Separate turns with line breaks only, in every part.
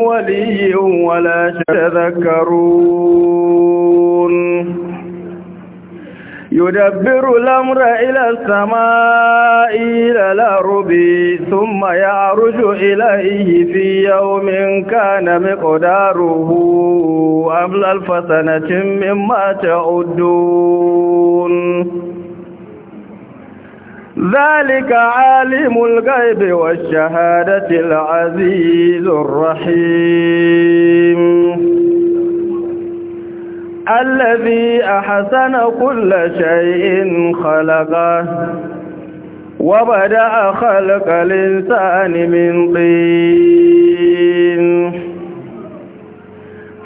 ولي ولا تذكرون يدبر الأمر إلى السماء إلى الأرض ثم يعرج إليه في يوم كان مقداره أمل الفسنة مما تعدون ذلك عالم الغيب والشهادة العزيز الرحيم الذي أحسن كل شيء خلقه وبدأ خلق الإنسان من طين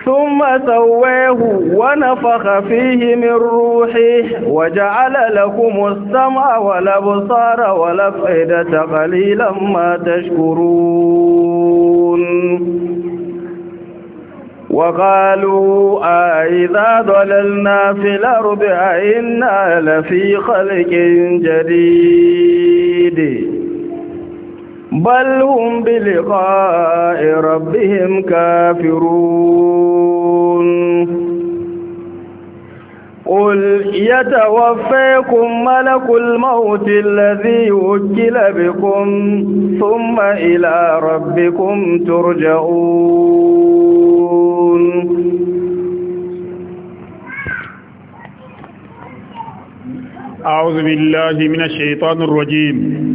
ثم سواه ونفخ فيه من روحه وجعل لكم السمع والأبصار والأفئدة قليلا ما تشكرون وقالوا أئذا ضللنا في الأرض أئنا لفي خلق جديد بل هم بلقاء ربهم كافرون قل يتوفيكم ملك الموت الذي وكل بكم ثم إلى ربكم ترجعون
أعوذ بالله من الشيطان الرجيم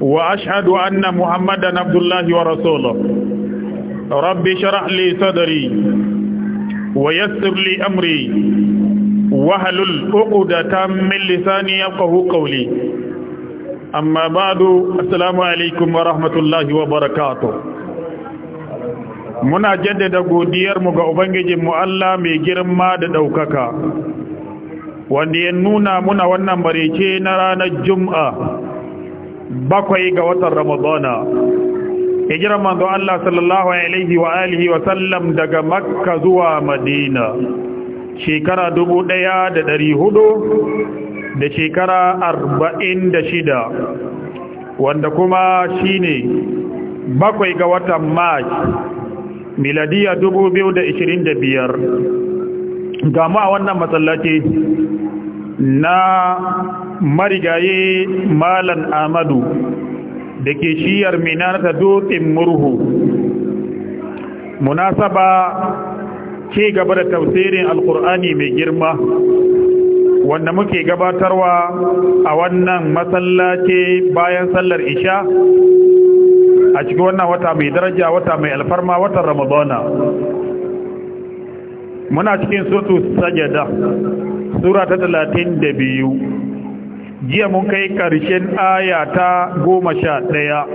وأشهد أن محمدا عبد الله ورسوله رب شرح لي صدري ويسر لي أمري وهلل عقدة من لساني يفقه قولي أما بعد السلام عليكم ورحمة الله وبركاته muna jaddada godiyarmu ga Ubangijinmu Allah mai girma da ɗaukaka, wanda ya nuna muna wannan barece na ranar Juma'a bakwai ga watan ramadana hijiran manzo Allah sallallahu alaihi wa alihi wa sallam daga makka zuwa madina shekara dubu da shekara arba'in da wanda kuma shine bakwai ga watan march miladiya dubu biyu da gama wannan matsalaci na marigaye malan amadu da ke shiyar mina ta dutsen murhu munasaba ce gaba da tausirin alkur'ani mai girma wanda muke gabatarwa a wannan masallaci bayan sallar isha a cikin wannan wata mai daraja wata mai alfarma watan ramadana muna cikin sotu sajada sura ta talatin da biyu jiya mun kai ƙarshen aya ta goma sha ɗaya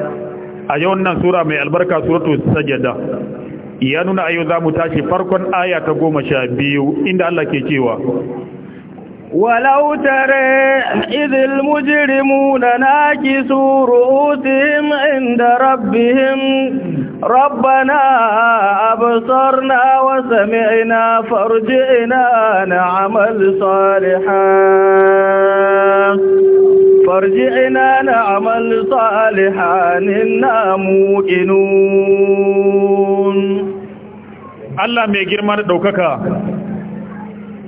a yau nan sura mai albarka suratu sajada ya nuna ayo za mu tashi farkon aya ta goma sha biyu inda Allah ke cewa
ولو ترى إذ المجرمون ناكسوا رؤوسهم عند ربهم ربنا أبصرنا وسمعنا فارجئنا نعمل صالحا فارجعنا نعمل صالحا إنا موقنون Allah mai girma da ɗaukaka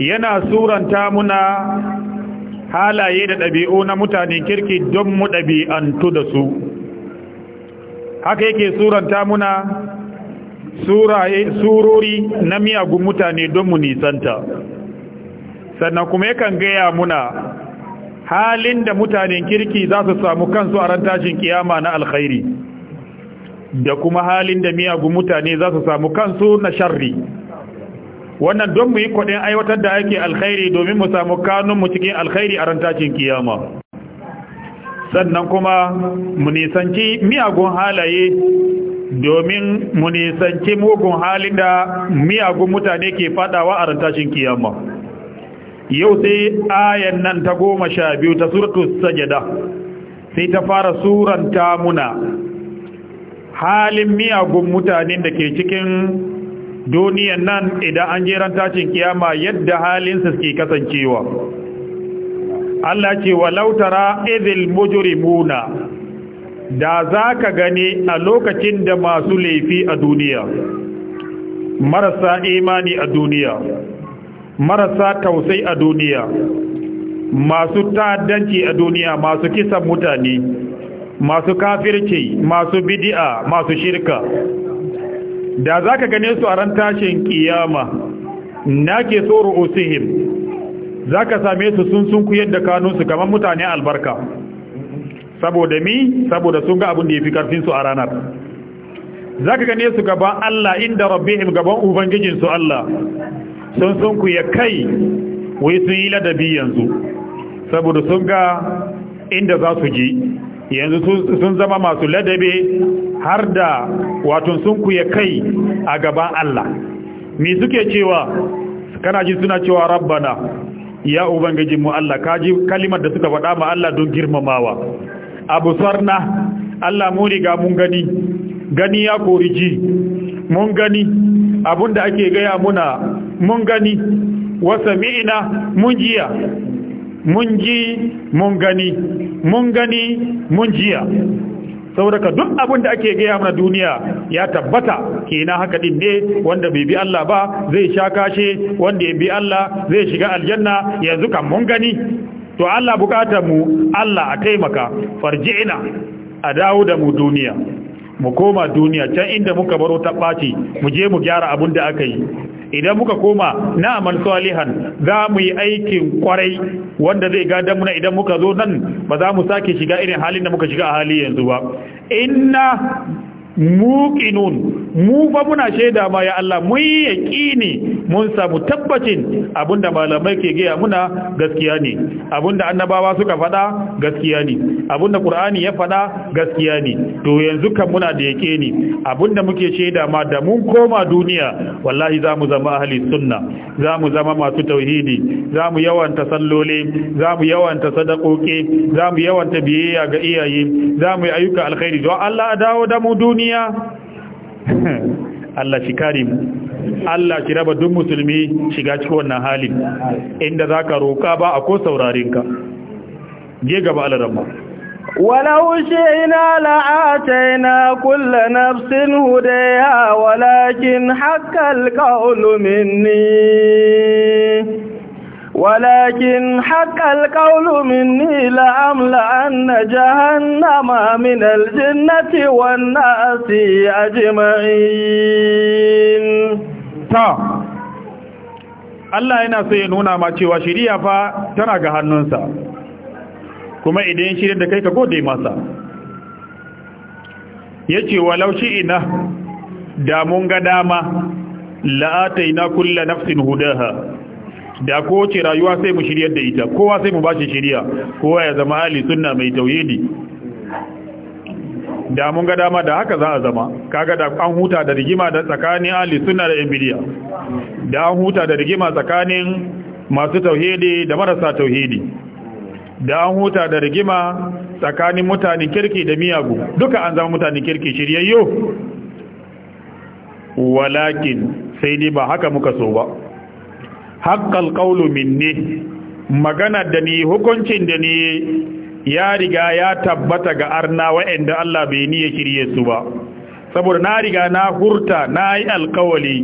yana suranta muna halaye da ɗabi'u na mutane kirki don mu ɗabi'antu da su. haka yake suranta muna eh, surori na miyagun mutane don mu nisanta sannan kuma yakan gaya muna halin da mutanen kirki za su samu kansu a ran kiyama na alkhairi da kuma halin da miyagun mutane za su samu kansu na sharri wannan don mu yi kwaɗin aiwatar da ake alkhairi domin mu samu kanunmu cikin alkhairi a ran kiyama sannan kuma mu nisanci miyagun halaye domin mu nisanci mugun halin da miyagun mutane ke fadawa a rantashin kiyama yau sai ayan nan ta goma sha biyu ta suratu sajada sai ta fara suranta muna halin miyagun mutane da ke cikin duniyan nan idan an jeran tashin kiyama yadda halinsu ke kasancewa Allah ce wa lautara idil mujrimuna da zaka gani a lokacin da masu laifi a duniya marasa imani a duniya marasa tausayi a duniya masu ta'addanci a duniya masu kisan mutane masu kafirci masu bid'a masu shirka da zaka gane su a ran tashin kiyama nake so ru'usihim za ka same su sun sun kuyar da kanunsu kamar mutane albarka saboda mi saboda sun ga abin da ya fi karfinsu a ranar za ka gane su gaban Allah inda rabbihim gaban ubangijinsu Allah sun sun kai wai sun yi ladabi yanzu saboda sun ga inda za su ji yanzu sun zama masu ladabi har da wato sun kuya kai a gaban Allah Mi suke cewa kana ji suna cewa rabbana ya ubangiji mu Allah kaji kalimar da suka faɗa ma Allah don girmamawa Abu sarna Allah mu riga mun gani gani ya kori ji mun gani da ake gaya muna mun gani wasa mi'ina mun jiya mun ji mun gani mun gani mun jiya saboda duk abin da ake gaya mana duniya ya tabbata kenan haka din ne wanda bai bi Allah ba zai sha kashe wanda ya bi Allah zai shiga aljanna yanzu kan mun gani to Allah bukatar mu Allah a taimaka farji'ina a dawo da mu duniya mu koma duniya can inda muka baro ta ɓaci mu je mu gyara abin da aka yi idan muka koma na amal salihan za mu yi aikin kwarai wanda zai gadan muna idan muka zo nan ba za mu sake shiga irin halin da muka shiga a hali yanzu ba inna Muƙinun mu fa muna shaida ma ya Allah mun yaqini mun samu tabbacin abinda malamai ke gaya muna gaskiya ne abinda annabawa suka faɗa gaskiya ne abinda qur'ani ya faɗa gaskiya ne to yanzu kan muna da yaqini abinda muke shaida ma da mun koma duniya wallahi za mu zama ahli sunna za mu zama masu tauhidi za mu yawanta sallole za mu yawanta sadakoki za mu ta biyayya ga iyaye za mu yi ayyuka alkhairi don Allah dawo da mu duniya duniya Allah shi karim Allah shi raba duk musulmi shiga cikin wannan halin inda zaka roka ba a ko saurarin ka je gaba alaramma
walau shi'ina la'ataina kulla nafsin hudaya walakin hakkal qawlu minni walakin hakkal qawlu minni la'am la أن جهنم من الجنة والناس أجمعين ta
Allah yana so ya nuna ma cewa shirya fa tana ga hannunsa kuma idan shirya da kai ka gode masa yace laushi ina da mun ga dama la'ataina kullu nafsin hudaha da kowace rayuwa sai mu shiryar da ita kowa sai mu ba shi shiriya kowa ya zama ahli sunna mai tauhidi da mun ga dama da haka za a zama kaga da an huta da rigima da tsakanin ahli sunna da ibdiya da an huta da rigima tsakanin masu tauhidi da marasa tauhidi da an huta da rigima tsakanin mutanen kirki da miyagu duka an zama mutanen kirki shiryayyo walakin sai dai ba haka muka so ba haqqal qawlu minni magana da ni hukuncin da ni ya riga ya tabbata ga arna wa'anda Allah bai ni ya shirye su ba saboda na riga na hurta na yi alkawali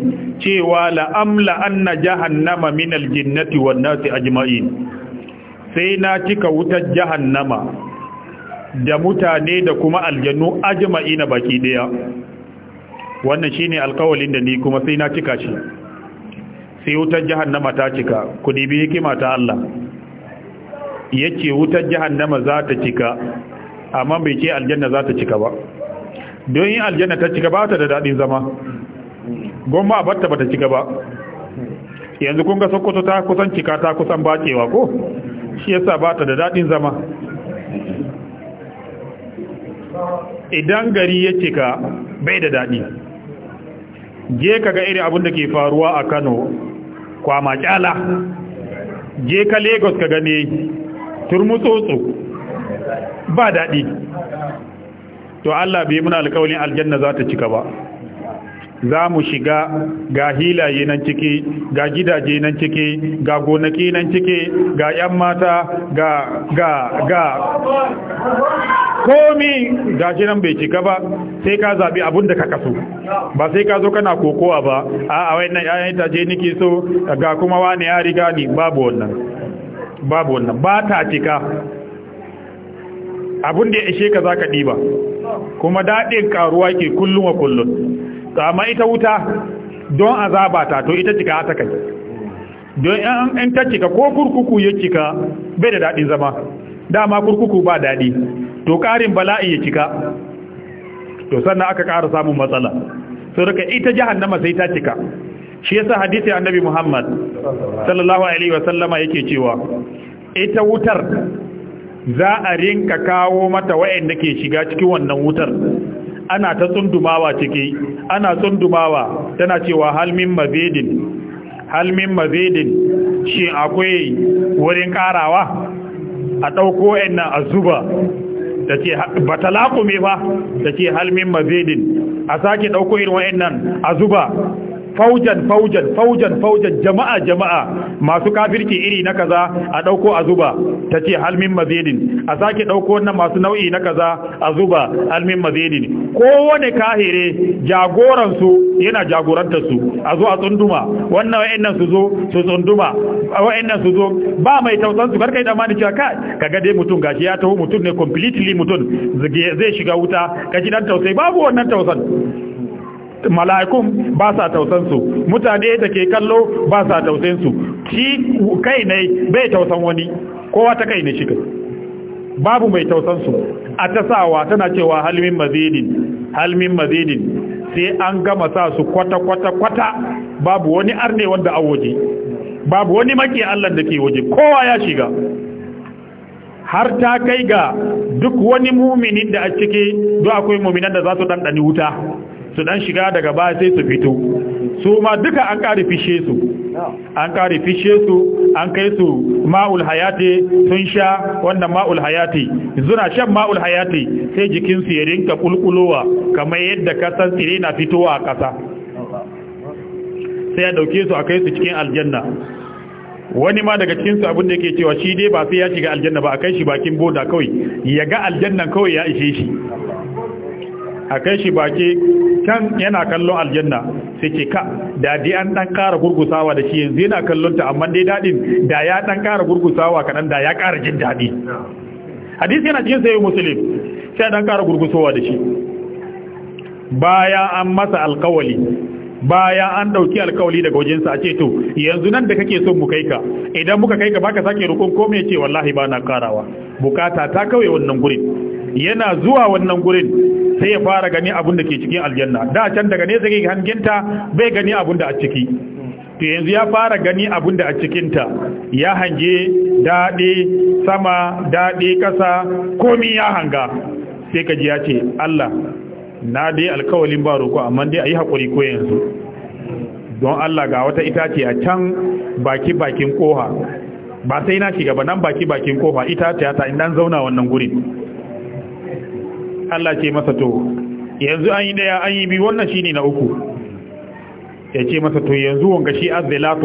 cewa la'amla anna jahannama min aljinnati wan nasi ajma'in sai na cika wutar jahannama da mutane da kuma aljannu ajma'ina baki daya wannan shine alkawalin da ni kuma sai na cika shi sai wutar jahannama ta cika ku dibi hikima ta Allah yace wutar jahannama za ta cika amma bai ce aljanna za ta cika ba don yin aljanna ta cika ba ta da daɗin zama gomma a batta ba ta cika ba yanzu kun ga sokoto ta kusan cika ta kusan bacewa ko shi yasa ba ta da daɗin zama idan gari ya cika bai da daɗi je kaga irin abin da ke faruwa a kano kwama kyala je ka lagos ka gane turmutsotso ba daɗi to allah bai muna alkawalin aljanna za ta cika ba za mu shiga ga hilaye nan ciki ga gidaje nan ciki ga gonaki nan ciki ga 'yan mata ga ga ga komi gashi nan bai cika ba sai ka zabi abin da ka kaso ba sai ka zo kana kokowa ba a a wannan ta je niki so ga kuma wani ya riga ni babu wannan babu wannan ba ta cika abin da ya ishe ka zaka diba kuma dadin karuwa ke kullun wa kullun amma ita wuta don azaba ta to ita cika ta kai don an ta cika ko kurkuku ya cika bai da dadin zama dama kurkuku ba dadi to ƙarin bala'i ya cika to sannan aka ƙara samun matsala sai daga ita jahannama sai ta cika shi yasa hadisi annabi Muhammad sallallahu alaihi wasallama yake cewa ita wutar za a rinka kawo mata wayanda ke shiga cikin wannan wutar ana ta tsundumawa ciki ana tsundumawa tana cewa halmin mazidin halmin mazidin shi akwai wurin karawa a ɗauko wayannan azuba ta ce ba talaku me fa ta ce halmin mazidin a sake ɗauko irin wa'annan a zuba faujan faujan faujan faujan jama'a jama'a masu kafirci iri na kaza a dauko a zuba tace halmin mazidin a sake dauko wannan masu nau'i na kaza a zuba halmin mazidin kowane kahire jagoran su yana jagorantar su a zo a tsunduma wannan wayennan su zo su tsunduma wayennan su zo ba mai tausan su karkai da mani cewa kai kaga dai mutum gashi ya taho mutum ne completely mutum zai shiga wuta kaji dan tausayi babu wannan tausan mala'ikun ba sa tausansu mutane da ke kallo ba sa tausansu shi kai ne bai tausan wani kowa ta kai ne shi babu mai tausansu a ta sawa tana cewa halmin mazidin halmin mazidin sai an gama sa su kwata-kwata-kwata babu wani arne wanda an waje babu wani maki Allah da ke waje kowa ya shiga har ta kai ga duk wani muminin da a cike, don akwai muminan da za su ɗanɗani wuta su dan shiga daga baya sai su fito su ma duka an kare fishe su an kare fishe su an kai su ma'ul hayati sun sha wannan ma'ul hayati zuna shan ma'ul hayati sai jikin su ya rinka kulkulowa kamar yadda kasan tsire na fitowa a kasa sai ya dauke su a kai su cikin aljanna wani ma daga cikinsu abin da yake cewa shi dai ba sai ya shiga aljanna ba a kai shi bakin boda kawai ya ga aljannan kawai ya ishe shi a kai shi baki kan yana kallon aljanna sai ce ka da an dan kara gurgusawa da shi yanzu yana kallon ta amma dai dadin da ya dan kara gurgusawa kadan da ya kara jin daɗi hadisi yana cikin sayyid musulun sai dan kara gurgusowa da shi Baya an masa alkawali baya an ɗauki alkawali daga wajensa a ce to yanzu nan da kake son mu kai ka idan muka kai ka baka sake rukun ko me ce wallahi ba na karawa bukata ta kawai wannan gurin yana zuwa wannan gurin sai ya fara gani abin da ke cikin aljanna da can daga ne sai ta bai gani abin da a ciki to yanzu ya fara gani abin da a ta, ya hange daɗe sama daɗe ƙasa komi ya hanga sai kaji ji ya ce Allah na dai alkawalin ba roƙo amma dai a yi haƙuri ko yanzu don Allah ga wata itace a can baki bakin ƙoha ba sai na shiga ba nan baki bakin ƙoha itace ta in zauna wannan gurin Allah ce masa to yanzu an yi daya an yi bi wannan shi ne na uku ya ce masa to yanzu wanga shi as the last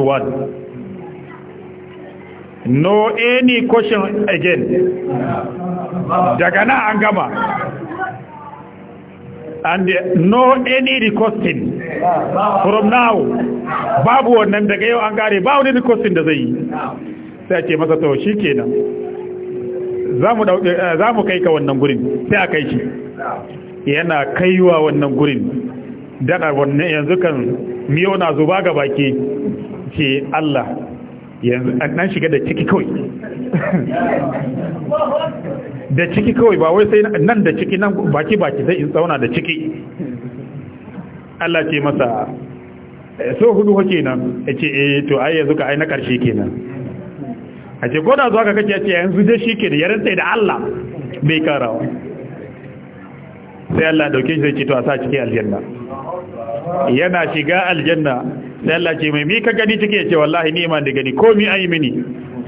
no any question again daga na an gama and no any requesting from now babu wannan daga yau an gare babu wani requesting da zai yi sai ce masa to shi kenan Eh, za mu kai ka wannan gurin sai a kai shi yana kaiwa wannan gurin daɗa wannan yanzu kan miyau na zuba ga baki ce Allah yanzu an shiga da ciki kawai da ciki kawai ba wai sai nan da ciki nan baki baki sai in tsauna da ciki Allah ce masa eh, so hudu hake nan ya ce eh to ai yanzu ka ai na ƙarshe kenan a ce ko zuwa ka kake ce yanzu dai shi ke da ya rantsa da Allah bai karawa sai Allah dauke shi zai ce to a sa cikin aljanna yana shiga aljanna sai Allah ce mai mi ka gani cike ce wallahi ni iman da gani ko mi ayi mini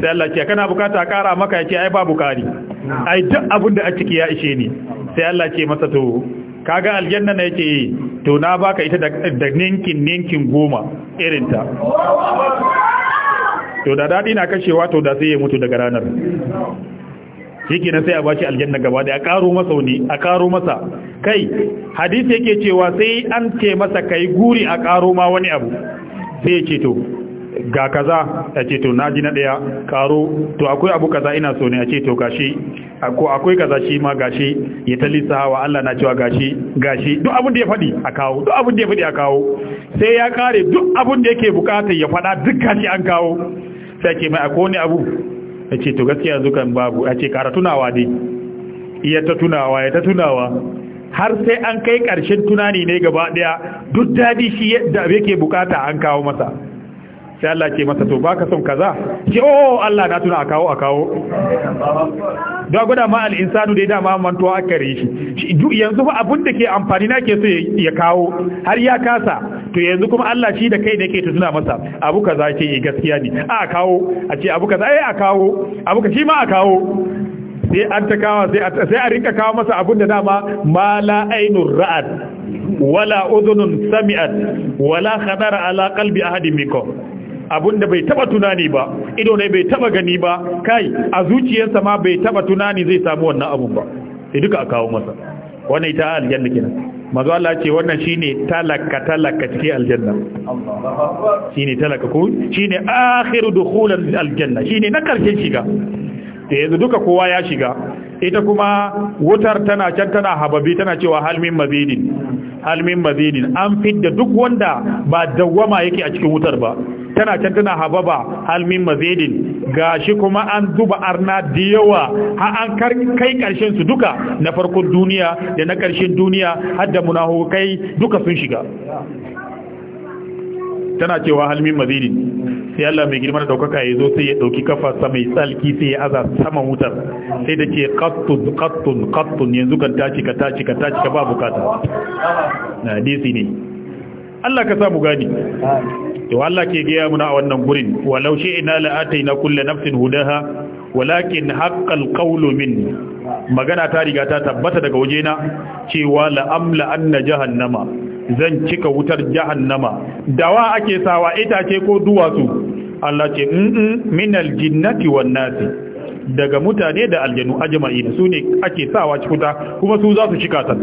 sai Allah ce kana bukata kara maka yace ai babu kari ai duk abin da a ciki ya ishe ni sai Allah ce masa to kaga aljanna ne yake eh. to na baka ita da ninkin ninkin goma irinta to da daɗi na kashewa to da sai ya mutu daga ranar yake na sai a bashi aljanna gaba da a karo masa wani a karo masa kai hadisi yake cewa sai an ce masa kai guri a karo ma wani abu sai ya ce to ga kaza a ce to naji na daya karo to akwai abu kaza ina so ne a ce to gashi ko akwai kaza shi ma gashi ya ta wa Allah na cewa gashi gashi duk abin da ya faɗi a kawo duk abin da ya faɗi a kawo sai ya kare duk abin da yake bukata ya faɗa duk gashi an kawo sai ce mai akwai wani abu ya ce to gaskiya zukan babu a ce kara tunawa ne? iya ta tunawa ya ta tunawa har sai an kai ƙarshen tunani ne gaba ɗaya duk dadi shi yadda yake bukata an kawo masa sai Allah ce masa to baka son kaza ce oh, oh Allah na tuna a kawo a kawo Da gwada ma al'insanu da ya dama mantuwa aka rai shi yanzu ba abin da ke amfani na ke so ya kawo har ya kasa to yanzu kuma Allah shi da kai ne ke tuna masa abu kaza ce eh, gaskiya ne a kawo a ce abu kaza ai eh, a kawo abu ka shi ma a kawo sai an ta kawo sai a rinka kawo masa abin da dama ma la ainur ra'ad wala udhunun sami'at wala khadara ala qalbi ahadin minkum abinda bai taba tunani ba ido ne bai taba gani ba kai a zuciyarsa ma bai taba tunani zai samu wannan abun ba sai duka a kawo masa wannan ita aljanna kenan mazo Allah ce wannan shine talaka talaka cikin aljanna shine talaka ko shine akhiru dukhulan aljanna shine na karshen shiga da yanzu duka kowa ya shiga ita kuma wutar tana can tana hababi tana cewa halmin mazidin halmin mazidin an fidda duk wanda ba dawwama yake a cikin wutar ba tana can tana hababa halmin mazidin gashi kuma an zuba arna da yawa ha an kai karshen su duka na farkon duniya da na karshen duniya har da kai duka sun shiga tana cewa halmin mazidin sai Allah mai girma da daukaka ya zo sai ya dauki sa mai tsalki sai ya aza sama wutar sai da ce qattun qattun qattun yanzu kan taci ka taci ka taci ka ba bukata na hadisi ne Allah ka samu gani to Allah ke gaya muna a wannan gurin walau shi ina na kulle nafsin hudaha walakin haqqal qawlu minni magana ta riga ta tabbata daga wajena cewa la amla anna jahannama zan cika wutar jahannama dawa ake sawa itace ko duwatsu Allah ce mm jinnati wan nasi daga mutane da aljanu ajma'in su ne ake sawa cikuta kuma su za su cika ta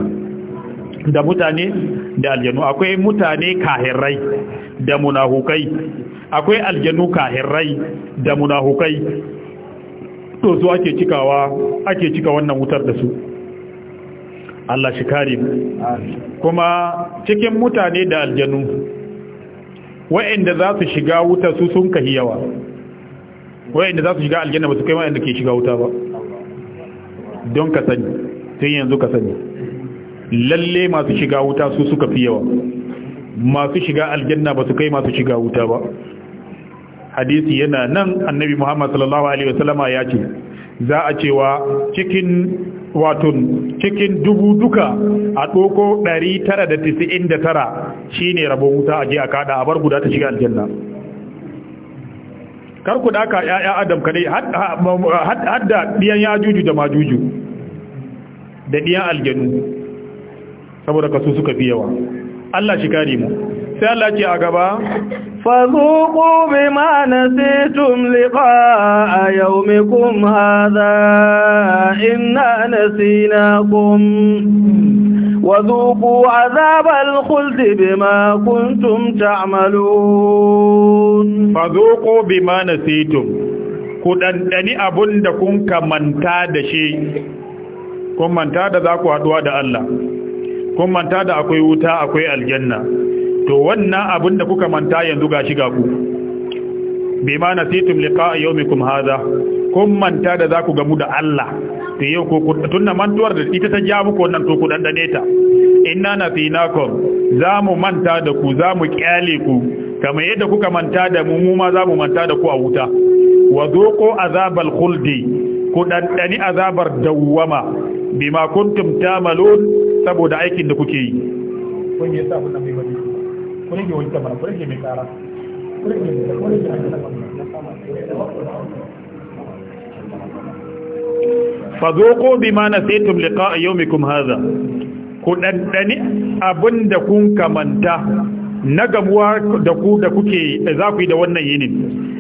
da mutane da aljanu akwai mutane kahirrai da munahukai akwai aljanu kahirrai da munahukai to su ake cikawa ake cika wannan wutar da su Allah shi kare kuma cikin mutane da aljanu wa'anda za su shiga wuta su sun kahi yawa wa'anda za su shiga aljanna ba su kai wa'anda ke shiga wuta ba don ka sani sai yanzu ka sani lalle masu shiga wuta su suka fi yawa masu shiga aljanna ba su kai masu shiga wuta ba hadisi yana nan annabi muhammad sallallahu alaihi wasallama ya ce za a cewa cikin wato cikin dubu duka a doko 999 shine rabon wuta a je a kada a bar guda ta shiga aljanna kar ku daka ya'ya adam kadai hadda diyan juju da majuju da diyan aljanu saboda kaso suka fi yawa Allah shi kare mu sai Allah ce a gaba
fazuqu bima nasitum liqa'a yawmikum hadha inna nasinakum وذوقوا عذاب الخلد بما كنتم تعملون فذوقوا
بما نسيتم كدندني abun da kun kamanta da shi kun manta da za ku haɗuwa da Allah kun manta da akwai wuta akwai aljanna to wannan abin da kuka manta yanzu ga ga ku bima nasitum liqa'a yawmikum hadha kun manta da zaku gamu da Allah to yau ko tunna mantuwar da ita ta ja muku wannan to ku dan dane ta inna nasinakum zamu manta da ku zamu kyale ku kamar yadda kuka manta da mu mu ma zamu manta da ku a wuta wa dhuqu azabal khuldi ku dan dani azabar dawwama bima kuntum tamalun saboda aikin da kuke yi fazoko bi ma na sai tun kun a yau mai kuma haza. ku dandani kun kamanta na gamuwa da ku da kuke za ku yi da wannan yinin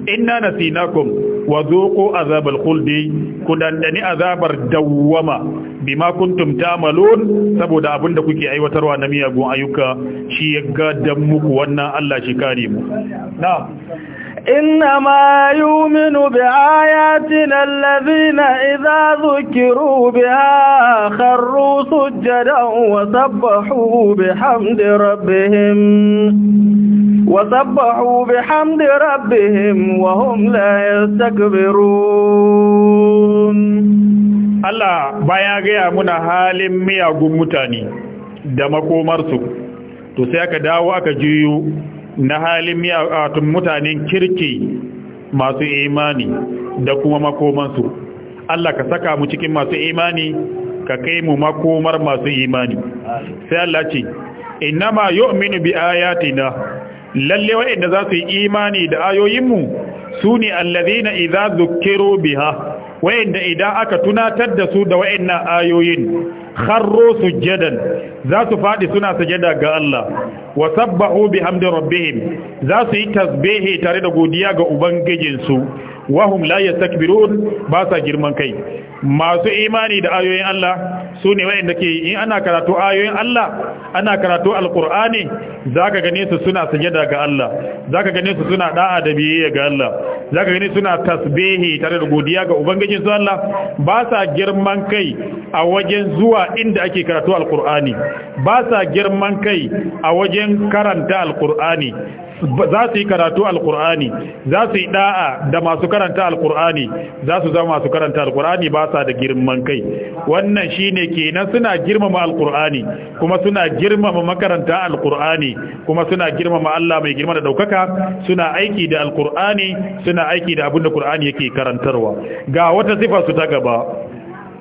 inna nasinakum wa dhuqu azabal khuldi kudandani azabar dawwama bima kuntum ta'malun saboda abinda kuke aiwatarwa na miyagun ayyuka shi ya dan muku wannan Allah shi kare mu
na'am إنما يؤمن بآياتنا الذين إذا ذكروا بها خروا سجدا وسبحوا بحمد ربهم وسبحوا بحمد ربهم وهم لا يستكبرون Allah baya gaya muna
halin miyagun mutane da makomarsu to sai aka dawo aka juyo na halin miyatun mutanen kirki masu imani da kuma makomansu Allah ka saka mu cikin masu imani ka kai mu makomar masu imani sai Allah ce innama yu'minu bi ayatina lalle wa'inda za su yi imani da ayoyinmu su ne allazina idza zukkiru biha wa'inda idan aka tunatar da su da wa'innan ayoyin kharru sujjadan za su faɗi suna sajada ga Allah wa sabbahu bihamdi rabbihim za su yi tasbihi tare da godiya ga ubangijinsu wahum la yastakbirun ba sa girman kai masu imani da ayoyin Allah su ne wayanda ke in ana karatu ayoyin Allah ana karatu alqur'ani zaka gane su suna sujada ga Allah zaka gane su suna da'a da biyayya ga Allah zaka gane suna tasbihi tare da godiya ga ubangijin su Allah ba sa girman kai a wajen zuwa inda ake karatu alqur'ani ba sa girman kai a wajen karanta alkur'ani za su yi karatu alkur'ani za su yi da'a da masu karanta alkur'ani za su zama masu karanta alkur'ani ba sa da girman kai wannan shine kenan suna girmama alkur'ani kuma suna girmama makaranta alkur'ani kuma suna girmama Allah mai girma da daukaka suna aiki da alkur'ani suna aiki da abin da kur'ani yake karantarwa ga wata sifa su ta gaba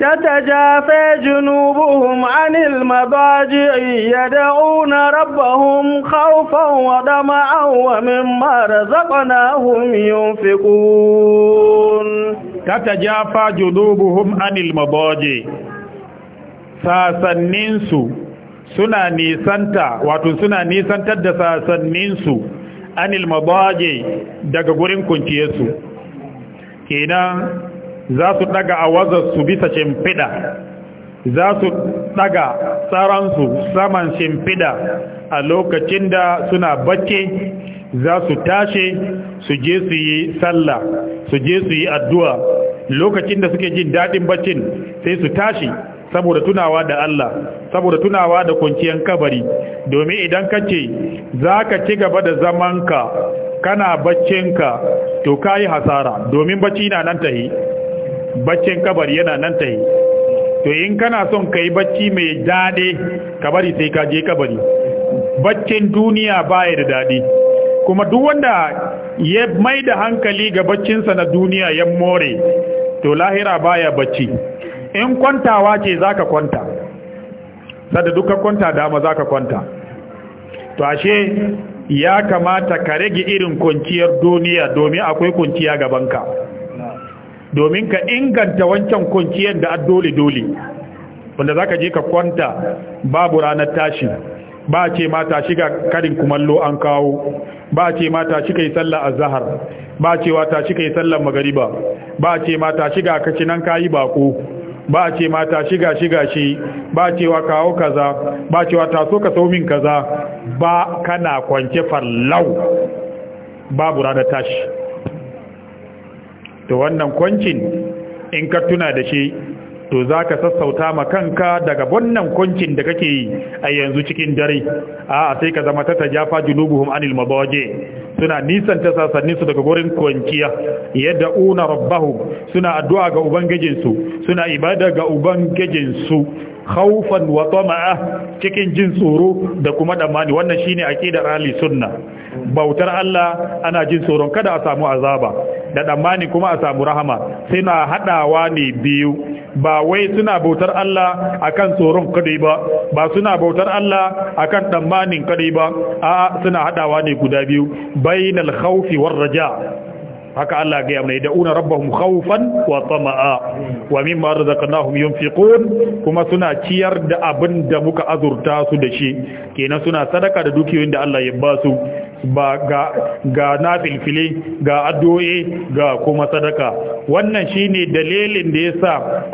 تتجافى جنوبهم عن المضاجع يدعون ربهم خوفا ودمعا ومما رزقناهم ينفقون تتجافى جنوبهم عن المضاجع
sasanninsu suna nisanta wato suna nisantar da sasanninsu anil mabaje daga gurin kunciyarsu kenan za su daga su bisa shimfiɗa za su daga tsaransu saman shimfiɗa a lokacin da suna bacci za su tashi su je su yi sallah su je su yi addu'a lokacin da suke jin daɗin baccin sai su tashi saboda tunawa da Allah saboda tunawa da kunciyan kabari domin idan ka ce za ka ci gaba da zamanka kana baccinka to ka yi hasara domin bacci na nan tahi baccin kabari yana nan tai to in kana son yi bacci mai dade kabari sai ka je kabari baccin duniya baya da daɗi, kuma duk wanda ya mai da hankali ga baccinsa na duniya ya more to lahira baya bacci in kwantawa ce zaka kwanta sada duka kwanta dama zaka kwanta to ashe ya kamata ka rage irin kwanciyar duniya domin akwai kunciya gabanka domin ka inganta wancan kwanciyar da dole-dole wanda za ka je ka kwanta babu ranar tashi ba ce mata shiga karin kumallo an kawo ba ce mata shiga yi sallar zahar. ba ce shi shiga yi sallar magariba ba ce mata shiga kaci nan kayi bako ba ce mata shiga shiga shi ba cewa kawo kaza ba cewa taso ka saumin kaza ba kana kwance fallau babu ranar tashi to wannan kwancin in ka tuna da shi to za ka sassauta ma kanka daga wannan kwancin da kake yi a yanzu cikin dare a sai ka zama ta jafa junubuhum anil mabaje suna nisan ta sasannin su daga gurin kwanciya yadda una rabbahu suna addu'a ga su suna ibada ga Ubangajinsu khawfan wa tama'a cikin jin tsoro da kuma damani wannan shine aqidar ahli sunna bautar Allah ana jin tsoron kada a samu azaba da tsammani kuma a samu rahama suna haɗawa ne biyu ba wai suna bautar Allah akan tsoron kadai ba ba suna bautar Allah akan tsammanin kadai ba a suna haɗawa ne guda biyu bainal khawfi war raja haka Allah ga yamma da una rabbahum khawfan wa tama'a wa mimma razaqnahum yunfiqun kuma suna ciyar da abin da muka azurta su da shi kenan suna sadaka da dukiyoyin da Allah ya ba su ga ga nafilfili ga addu'o'i ga kuma sadaka wannan shine dalilin da yasa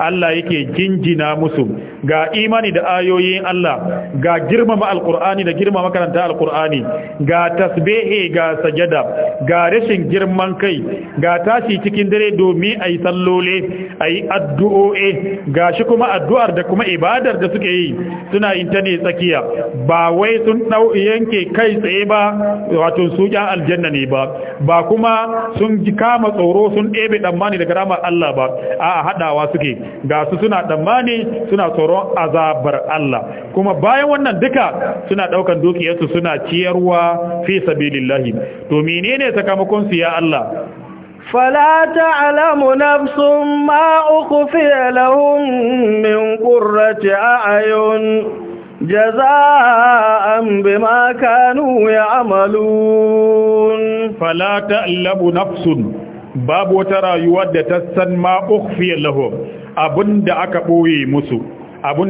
Allah yake jinjina musu ga imani da ayoyin Allah ga girmama alqur'ani da girmama karanta alqur'ani ga tasbihi ga sajada ga rashin girman kai ga tashi cikin dare domin ayi sallole ayi addu'o'i ga shi kuma addu'ar da kuma ibadar da suke yi suna yin ta ne tsakiya ba wai sun yanke kai tsaye ba wato su ƴan aljanna ne ba ba kuma sun kama tsoro sun ɗebe tsammani daga ramar Allah ba a haɗawa suke ga su suna tsammani suna tsoron azabar Allah kuma bayan wannan duka suna ɗaukan dukiyarsu suna ciyarwa fi sabilillahi to menene sakamakon su ya Allah
فلا تعلم نفس ما أخفي لهم من قرة أعين jaza'an bima kanu ya'malun fala ta'labu nafsun babu wata rayuwa
da ta san ma ukhfi lahu abunda aka ɓoye musu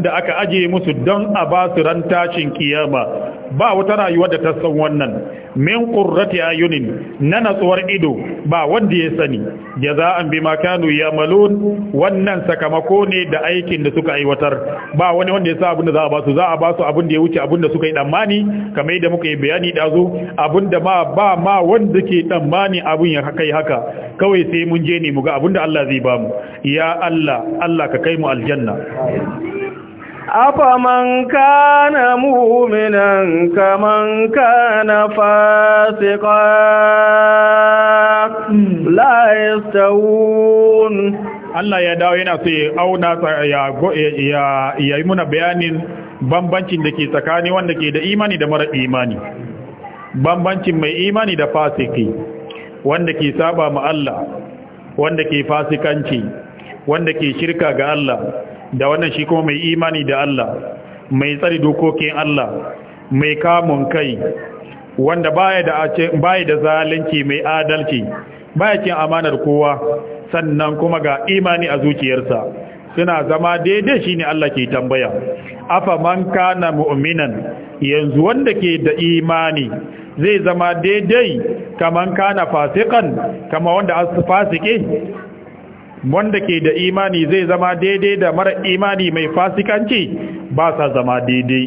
da aka aje musu don a basu tashin ƙiyama. ba wata rayuwa da ta san wannan min qurrati ayunin na natsuwar ido ba wanda ya sani jaza'an bima kanu yamalun wannan sakamako ne da aikin da suka aiwatar ba wani wanda ya sa abin da za a ba za a ba abin da ya wuce abin da suka yi damani kamar yadda muka yi bayani dazu abin da ma ba ma wanda ke damani abin ya kai haka kawai sai mun je ne mu ga
abin da Allah zai ba mu ya Allah Allah ka kai mu aljanna أفمن كان مؤمنا كمن كان فاسقا لا
يستوون Allah ya dawo yana so ya auna ya yi muna bayanin bambancin da ke tsakani wanda ke da imani da mara imani bambancin mai imani da fasiki wanda ke saba ma Allah wanda ke fasikanci wanda ke shirka ga Allah da wannan shi kuma mai imani da Allah mai tsari dokokin Allah mai kamun kai wanda baya da baya da zalunci mai adalci baya cin amanar kowa sannan kuma ga imani a zuciyarsa suna zama daidai shine Allah ke tambaya afa man kana mu'minan yanzu wanda ke da imani zai zama daidai kaman kana fasikan kama wanda fasike? wanda ke da imani zai zama daidai da mara imani mai fasikanci ba sa zama daidai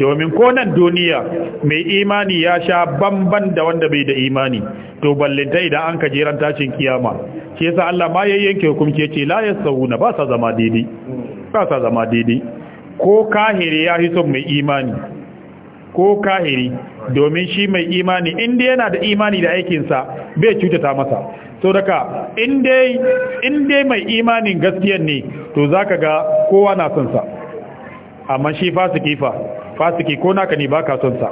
domin konan duniya mai imani ya sha bamban da wanda bai da imani to ballinta idan an kajeran tashin kiyama shi yasa Allah ma yanke hukunci yace la yasawuna ba sa zama daidai ba sa zama daidai ko kahiri ya son mai imani ko kahiri domin shi mai imani inda yana da imani da aikinsa bai cutata masa to daga in dai mai imanin gaskiyan ne to ka ga kowa na son sa amma shi fasiki fa fasiki ko naka ne baka son sa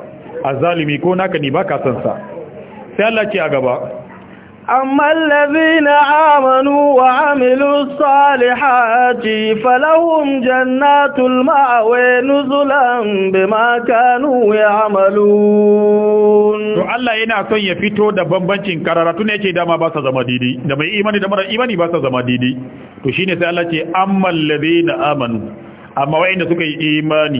azzalimi ko naka ne baka son sa sai Allah ce a gaba
أما الذين آمنوا وعملوا الصالحات فلهم جنات المأوى نزلا بما كانوا يعملون
to Allah yana son ya fito da bambancin kararatu ne ce dama ba sa zama didi da mai imani da mara imani ba sa zama didi to shine sai Allah ce ammal ladina amanu amma wayanda suka yi imani